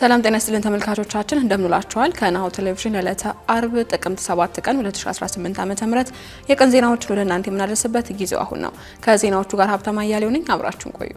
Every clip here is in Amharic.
ሰላም ጤና ይስጥልን ተመልካቾቻችን እንደምንላችኋል። ከናሁ ቴሌቪዥን ለተ አርብ ጥቅምት 7 ቀን 2018 ዓ.ም የቀን ዜናዎችን ወደ እናንተ የምናደርስበት ጊዜው አሁን ነው። ከዜናዎቹ ጋር ሀብታማ እያሌው ነኝ። አብራችሁን ቆዩ።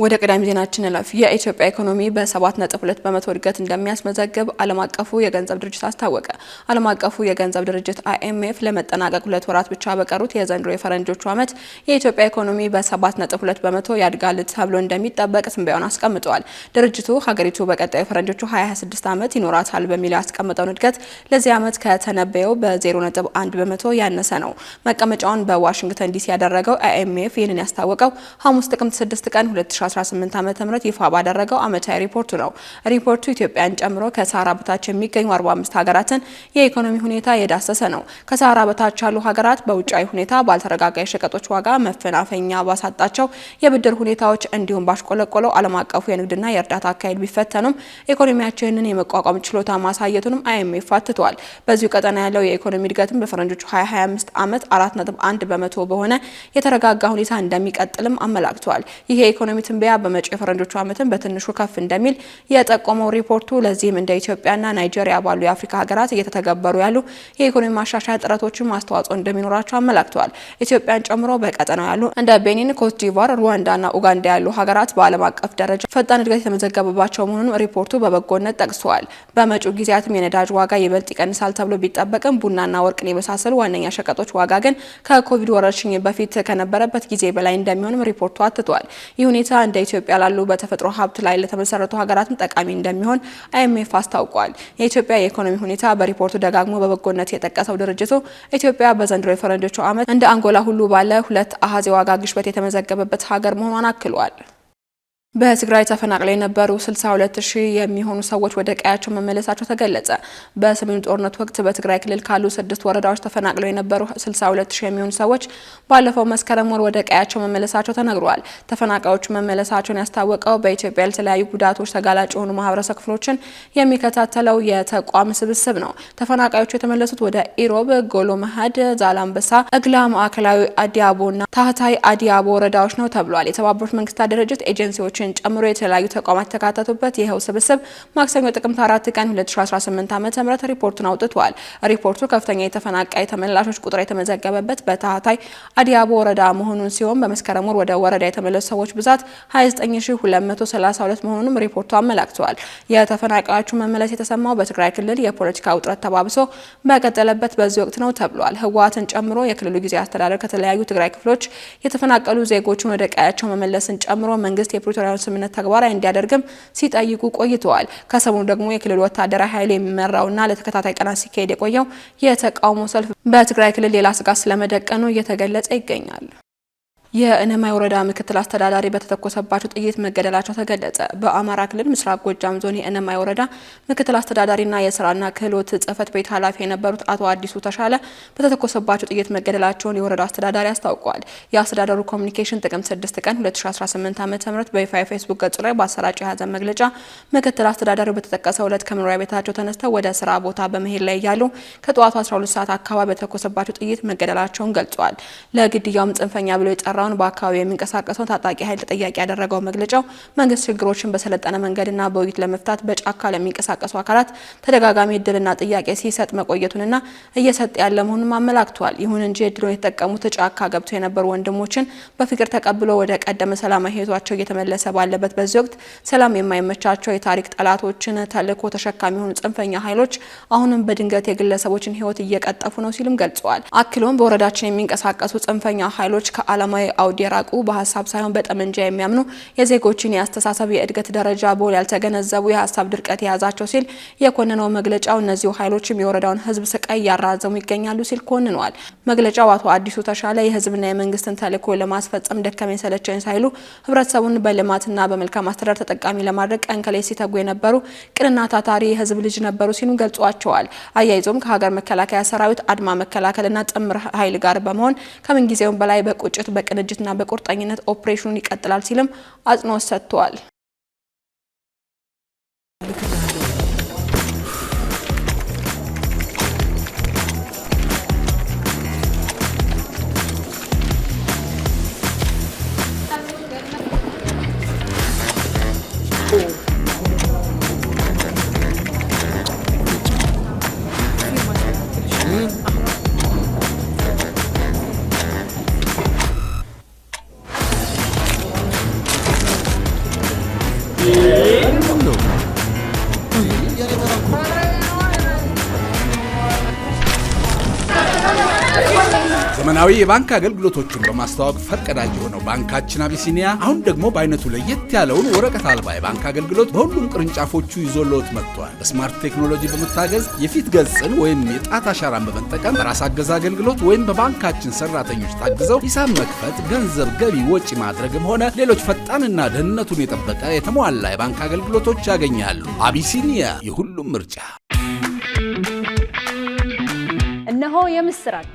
ወደ ቀዳሚ ዜናችን እለፍ። የኢትዮጵያ ኢኮኖሚ በ7.2 በመቶ እድገት እንደሚያስመዘግብ ዓለም አቀፉ የገንዘብ ድርጅት አስታወቀ። ዓለም አቀፉ የገንዘብ ድርጅት አይኤምኤፍ ለመጠናቀቅ ሁለት ወራት ብቻ በቀሩት የዘንድሮ የፈረንጆቹ ዓመት የኢትዮጵያ ኢኮኖሚ በ7.2 በመቶ ያድጋል ተብሎ እንደሚጠበቅ ትንበያውን አስቀምጠዋል። ድርጅቱ ሀገሪቱ በቀጣዩ ፈረንጆቹ 26 ዓመት ይኖራታል በሚል ያስቀመጠውን እድገት ለዚህ ዓመት ከተነበየው በ0.1 በመቶ ያነሰ ነው። መቀመጫውን በዋሽንግተን ዲሲ ያደረገው አይኤምኤፍ ይህንን ያስታወቀው ሐሙስ ጥቅምት 6 ቀን 2 2018 ዓ.ም ይፋ ባደረገው ዓመታዊ ሪፖርቱ ነው። ሪፖርቱ ኢትዮጵያን ጨምሮ ከሳራ በታች የሚገኙ 45 ሀገራትን የኢኮኖሚ ሁኔታ የዳሰሰ ነው። ከሳራ በታች ያሉ ሀገራት በውጫዊ ሁኔታ ባልተረጋጋ የሸቀጦች ዋጋ መፈናፈኛ ባሳጣቸው የብድር ሁኔታዎች እንዲሁም ባሽቆለቆለው ዓለም አቀፉ የንግድና የእርዳታ አካሄድ ቢፈተኑም ኢኮኖሚያችንን የመቋቋም ችሎታ ማሳየቱንም አይኤምኤፍ አትቷል። በዚሁ ቀጠና ያለው የኢኮኖሚ እድገትም በፈረንጆቹ 2025 ዓመት 4.1 በመቶ በሆነ የተረጋጋ ሁኔታ እንደሚቀጥልም አመላክቷል። ይህ የኢኮኖሚ ትንበያ በመጪው የፈረንጆቹ ዓመትም በትንሹ ከፍ እንደሚል የጠቆመው ሪፖርቱ ለዚህም እንደ ኢትዮጵያና ናይጄሪያ ባሉ የአፍሪካ ሀገራት እየተተገበሩ ያሉ የኢኮኖሚ ማሻሻያ ጥረቶችም አስተዋጽኦ እንደሚኖራቸው አመላክተዋል። ኢትዮጵያን ጨምሮ በቀጠናው ያሉ እንደ ቤኒን፣ ኮትዲቫር፣ ዲቫር፣ ሩዋንዳና ኡጋንዳ ያሉ ሀገራት በዓለም አቀፍ ደረጃ ፈጣን እድገት የተመዘገበባቸው መሆኑን ሪፖርቱ በበጎነት ጠቅሰዋል። በመጪው ጊዜያትም የነዳጅ ዋጋ ይበልጥ ይቀንሳል ተብሎ ቢጠበቅም ቡናና ወርቅን የመሳሰሉ ዋነኛ ሸቀጦች ዋጋ ግን ከኮቪድ ወረርሽኝ በፊት ከነበረበት ጊዜ በላይ እንደሚሆንም ሪፖርቱ አትቷል። ይህ ሁኔታ እንደ ኢትዮጵያ ላሉ በተፈጥሮ ሀብት ላይ ለተመሰረቱ ሀገራትም ጠቃሚ እንደሚሆን አይኤምኤፍ አስታውቋል። የኢትዮጵያ የኢኮኖሚ ሁኔታ በሪፖርቱ ደጋግሞ በበጎነት የጠቀሰው ድርጅቱ ኢትዮጵያ በዘንድሮ የፈረንጆቹ ዓመት እንደ አንጎላ ሁሉ ባለ ሁለት አሀዝ የዋጋ ግሽበት የተመዘገበበት ሀገር መሆኗን አክሏል። በትግራይ ተፈናቅለው የነበሩ 62 ሺህ የሚሆኑ ሰዎች ወደ ቀያቸው መመለሳቸው ተገለጸ። በሰሜኑ ጦርነት ወቅት በትግራይ ክልል ካሉ ስድስት ወረዳዎች ተፈናቅለው የነበሩ 62 ሺህ የሚሆኑ ሰዎች ባለፈው መስከረም ወር ወደ ቀያቸው መመለሳቸው ተነግሯል። ተፈናቃዮቹ መመለሳቸውን ያስታወቀው በኢትዮጵያ ለተለያዩ ጉዳቶች ተጋላጭ የሆኑ ማህበረሰብ ክፍሎችን የሚከታተለው የተቋም ስብስብ ነው። ተፈናቃዮቹ የተመለሱት ወደ ኢሮብ፣ ጎሎ መሀድ፣ ዛላምበሳ፣ እግላ፣ ማዕከላዊ አዲያቦ እና ታህታይ አዲያቦ ወረዳዎች ነው ተብሏል። የተባበሩት መንግስታት ድርጅት ኤጀንሲዎች ኮሚሽን ጨምሮ የተለያዩ ተቋማት የተካተቱበት ይኸው ስብስብ ማክሰኞ ጥቅምት 4 ቀን 2018 ዓ.ም ሪፖርቱን አውጥቷል። ሪፖርቱ ከፍተኛ የተፈናቃይ ተመላሾች ቁጥር የተመዘገበበት በታህታይ አዲያቦ ወረዳ መሆኑን ሲሆን በመስከረም ወር ወደ ወረዳ የተመለሱ ሰዎች ብዛት 29232 መሆኑንም ሪፖርቱ አመላክተዋል። የተፈናቃዮቹ መመለስ የተሰማው በትግራይ ክልል የፖለቲካ ውጥረት ተባብሶ በቀጠለበት በዚህ ወቅት ነው ተብሏል። ህወሓትን ጨምሮ የክልሉ ጊዜ አስተዳደር ከተለያዩ ትግራይ ክፍሎች የተፈናቀሉ ዜጎችን ወደ ቀያቸው መመለስን ጨምሮ መንግስት የፕሪቶሪያ የፕሪቶሪያውን ስምምነት ተግባራዊ እንዲያደርግም ሲጠይቁ ቆይተዋል። ከሰሞኑ ደግሞ የክልል ወታደራዊ ኃይል የሚመራውና ለተከታታይ ቀናት ሲካሄድ የቆየው የተቃውሞ ሰልፍ በትግራይ ክልል ሌላ ስጋት ስለመደቀኑ እየተገለጸ ይገኛል። የእነማይ ወረዳ ምክትል አስተዳዳሪ በተተኮሰባቸው ጥይት መገደላቸው ተገለጸ። በአማራ ክልል ምስራቅ ጎጃም ዞን የእነማይ ወረዳ ምክትል አስተዳዳሪና የስራና ክህሎት ጽህፈት ቤት ኃላፊ የነበሩት አቶ አዲሱ ተሻለ በተተኮሰባቸው ጥይት መገደላቸውን የወረዳው አስተዳዳሪ አስታውቋል። የአስተዳደሩ ኮሚኒኬሽን ጥቅምት 6 ቀን 2018 ም በይፋ የፌስቡክ ገጹ ላይ በአሰራጭ የሀዘን መግለጫ ምክትል አስተዳዳሪው በተጠቀሰው ዕለት ከመኖሪያ ቤታቸው ተነስተው ወደ ስራ ቦታ በመሄድ ላይ እያሉ ከጠዋቱ 12 ሰዓት አካባቢ በተተኮሰባቸው ጥይት መገደላቸውን ገልጿል። ለግድያውም ጽንፈኛ ብሎ የጠራ ስራውን በአካባቢ የሚንቀሳቀሰውን ታጣቂ ኃይል ተጠያቂ ያደረገው መግለጫው መንግስት ችግሮችን በሰለጠነ መንገድና በውይይት ለመፍታት በጫካ ለሚንቀሳቀሱ አካላት ተደጋጋሚ እድልና ጥያቄ ሲሰጥ መቆየቱንና እየሰጠ ያለ መሆኑን አመላክቷል። ይሁን እንጂ እድሉን የተጠቀሙት ጫካ ገብተው የነበሩ ወንድሞችን በፍቅር ተቀብሎ ወደ ቀደመ ሰላማዊ ህይወታቸው እየተመለሰ ባለበት በዚህ ወቅት ሰላም የማይመቻቸው የታሪክ ጠላቶችን ተልዕኮ ተሸካሚ የሆኑ ጽንፈኛ ኃይሎች አሁንም በድንገት የግለሰቦችን ህይወት እየቀጠፉ ነው ሲልም ገልጸዋል። አክሎም በወረዳችን የሚንቀሳቀሱ ጽንፈኛ ኃይሎች ከአለማዊ ከአውድ የራቁ በሀሳብ ሳይሆን በጠመንጃ የሚያምኑ የዜጎችን የአስተሳሰብ የእድገት ደረጃ በውል ያልተገነዘቡ የሀሳብ ድርቀት የያዛቸው ሲል የኮነነው መግለጫው እነዚሁ ኃይሎችም የወረዳውን ህዝብ ስቃይ እያራዘሙ ይገኛሉ ሲል ኮንነዋል። መግለጫው አቶ አዲሱ ተሻለ የህዝብና የመንግስትን ተልዕኮ ለማስፈጸም ደከመኝ ሰለቸኝ ሳይሉ ህብረተሰቡን በልማትና በመልካም አስተዳደር ተጠቃሚ ለማድረግ ቀን ከሌት ሲተጉ የነበሩ ቅንና ታታሪ የህዝብ ልጅ ነበሩ ሲሉ ገልጿቸዋል። አያይዞም ከሀገር መከላከያ ሰራዊት አድማ መከላከልና ጥምር ኃይል ጋር በመሆን ከምንጊዜውም በላይ በቁጭት በቅን ድርጅትና በቁርጠኝነት ኦፕሬሽኑን ይቀጥላል ሲልም አጽንኦት ሰጥቷል። ዘመናዊ የባንክ አገልግሎቶችን በማስተዋወቅ ፈርቀዳጅ የሆነው ባንካችን አቢሲኒያ አሁን ደግሞ በአይነቱ ለየት ያለውን ወረቀት አልባ የባንክ አገልግሎት በሁሉም ቅርንጫፎቹ ይዞልዎት መጥቷል። በስማርት ቴክኖሎጂ በመታገዝ የፊት ገጽን ወይም የጣት አሻራን በመጠቀም በራስ አገዝ አገልግሎት ወይም በባንካችን ሰራተኞች ታግዘው ሂሳብ መክፈት፣ ገንዘብ ገቢ ወጪ ማድረግም ሆነ ሌሎች ፈጣንና ደህንነቱን የጠበቀ የተሟላ የባንክ አገልግሎቶች ያገኛሉ። አቢሲኒያ የሁሉም ምርጫ። እነሆ የምስራች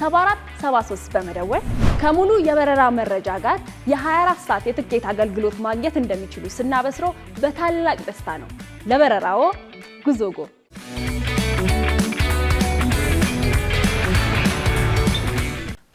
7473 በመደወል ከሙሉ የበረራ መረጃ ጋር የ24 ሰዓት የትኬት አገልግሎት ማግኘት እንደሚችሉ ስናበስሮ በታላቅ ደስታ ነው። ለበረራዎ ጉዞጎ።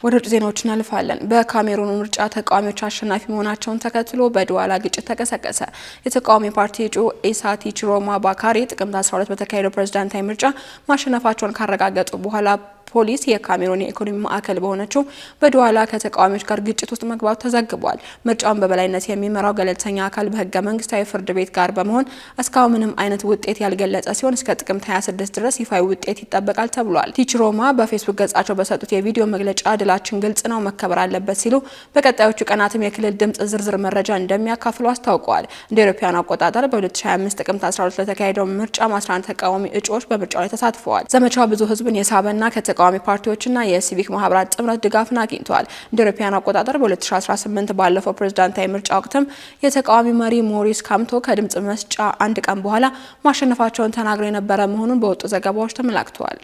ወደ ውጭ ዜናዎች እናልፋለን። በካሜሩኑ ምርጫ ተቃዋሚዎች አሸናፊ መሆናቸውን ተከትሎ በድዋላ ግጭት ተቀሰቀሰ። የተቃዋሚ ፓርቲ እጩ ኢሳ ቲቺሮማ ባካሪ ጥቅምት 12 በተካሄደው ፕሬዝዳንታዊ ምርጫ ማሸነፋቸውን ካረጋገጡ በኋላ ፖሊስ የካሜሮን የኢኮኖሚ ማዕከል በሆነችው በዱዋላ ከተቃዋሚዎች ጋር ግጭት ውስጥ መግባቱ ተዘግቧል። ምርጫውን በበላይነት የሚመራው ገለልተኛ አካል በህገ መንግስታዊ ፍርድ ቤት ጋር በመሆን እስካሁን ምንም አይነት ውጤት ያልገለጸ ሲሆን እስከ ጥቅምት 26 ድረስ ይፋዊ ውጤት ይጠበቃል ተብሏል። ሮማ በፌስቡክ ገጻቸው በሰጡት የቪዲዮ መግለጫ ድላችን ግልጽ ነው፣ መከበር አለበት ሲሉ በቀጣዮቹ ቀናትም የክልል ድምጽ ዝርዝር መረጃ እንደሚያካፍሉ አስታውቀዋል። እንደ አውሮፓውያኑ አቆጣጠር በ2025 ጥቅምት 12 ለተካሄደው ምርጫ 11 ተቃዋሚ እጩዎች በምርጫው ላይ ተሳትፈዋል። ዘመቻው ብዙ ህዝብን የሳበና ከተቃ የተቃዋሚ ፓርቲዎችና የሲቪክ ማህበራት ጥምረት ድጋፍን አግኝተዋል። እንደ አውሮፓውያን አቆጣጠር በ2018 ባለፈው ፕሬዝዳንታዊ ምርጫ ወቅትም የተቃዋሚ መሪ ሞሪስ ካምቶ ከድምፅ መስጫ አንድ ቀን በኋላ ማሸነፋቸውን ተናግረው የነበረ መሆኑን በወጡ ዘገባዎች ተመላክተዋል።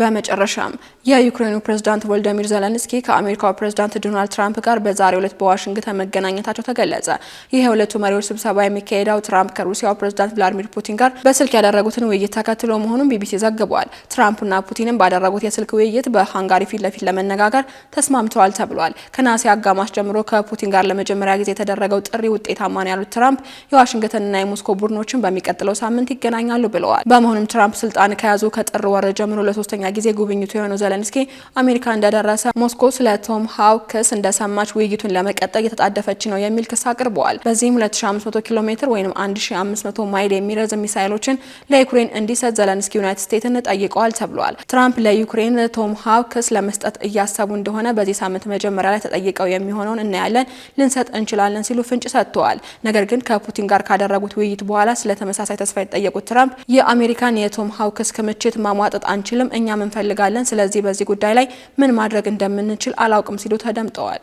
በመጨረሻም የዩክሬኑ ፕሬዝዳንት ቮልደሚር ዘለንስኪ ከአሜሪካው ፕሬዝዳንት ዶናልድ ትራምፕ ጋር በዛሬው ዕለት በዋሽንግተን መገናኘታቸው ተገለጸ። ይህ የሁለቱ መሪዎች ስብሰባ የሚካሄደው ትራምፕ ከሩሲያው ፕሬዝዳንት ቭላዲሚር ፑቲን ጋር በስልክ ያደረጉትን ውይይት ተከትሎ መሆኑን ቢቢሲ ዘግቧል። ትራምፕና ፑቲንም ባደረጉት የስልክ ውይይት በሃንጋሪ ፊት ለፊት ለመነጋገር ተስማምተዋል ተብሏል። ከነሐሴ አጋማሽ ጀምሮ ከፑቲን ጋር ለመጀመሪያ ጊዜ የተደረገው ጥሪ ውጤታማ ነው ያሉት ትራምፕ የዋሽንግተንና የሞስኮ ቡድኖችን በሚቀጥለው ሳምንት ይገናኛሉ ብለዋል። በመሆኑም ትራምፕ ስልጣን ከያዙ ከጥር ወር ጀምሮ ለሶስተኛ ጊዜ ጉብኝቱ የሆነው ዘለንስኪ አሜሪካ እንደደረሰ ሞስኮ ስለ ቶም ሀው ክስ እንደሰማች ውይይቱን ለመቀጠል የተጣደፈች ነው የሚል ክስ አቅርበዋል። በዚህም 2500 ኪሎ ሜትር ወይም 1500 ማይል የሚረዝም ሚሳይሎችን ለዩክሬን እንዲሰጥ ዘለንስኪ ዩናይትድ ስቴትስን ጠይቀዋል ተብሏል። ትራምፕ ለዩክሬን ቶም ሀው ክስ ለመስጠት እያሰቡ እንደሆነ በዚህ ሳምንት መጀመሪያ ላይ ተጠይቀው የሚሆነውን እናያለን፣ ልንሰጥ እንችላለን ሲሉ ፍንጭ ሰጥተዋል። ነገር ግን ከፑቲን ጋር ካደረጉት ውይይት በኋላ ስለ ተመሳሳይ ተስፋ የተጠየቁት ትራምፕ የአሜሪካን የቶም ሀው ክስ ክምችት ማሟጠጥ አንችልም እኛ እንፈልጋለን። ስለዚህ በዚህ ጉዳይ ላይ ምን ማድረግ እንደምንችል አላውቅም ሲሉ ተደምጠዋል።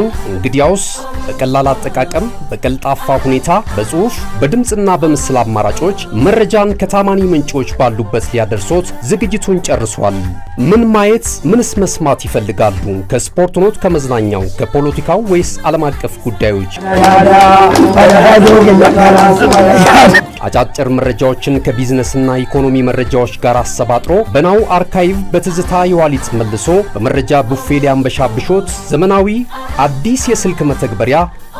እንግዲያውስ በቀላል አጠቃቀም በቀልጣፋ ሁኔታ በጽሁፍ በድምፅና በምስል አማራጮች መረጃን ከታማኒ ምንጮች ባሉበት ሊያደርሶት ዝግጅቱን ጨርሷል። ምን ማየት ምንስ መስማት ይፈልጋሉ? ከስፖርት ኖት፣ ከመዝናኛው፣ ከፖለቲካው ወይስ ዓለም አቀፍ ጉዳዮች? አጫጭር መረጃዎችን ከቢዝነስና ኢኮኖሚ መረጃዎች ጋር አሰባጥሮ በናው አርካይቭ በትዝታ የዋሊት መልሶ በመረጃ ቡፌ ሊያንበሻብሾት ዘመናዊ አዲስ የስልክ መተግበሪያ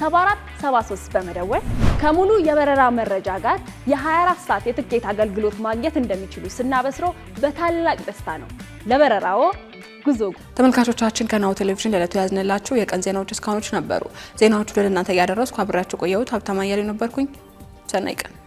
7473 በመደወል ከሙሉ የበረራ መረጃ ጋር የ24 ሰዓት የትኬት አገልግሎት ማግኘት እንደሚችሉ ስናበስሮ በታላቅ ደስታ ነው። ለበረራዎ ጉዞ። ተመልካቾቻችን ከናሁ ቴሌቪዥን ለዕለቱ ያዝንላችሁ የቀን ዜናዎች እስካሁኖች ነበሩ። ዜናዎቹ ለእናንተ እያደረስኩ አብሬያችሁ ቆየሁት። ሀብታማ እያሌው ነበርኩኝ። ሰናይ ቀን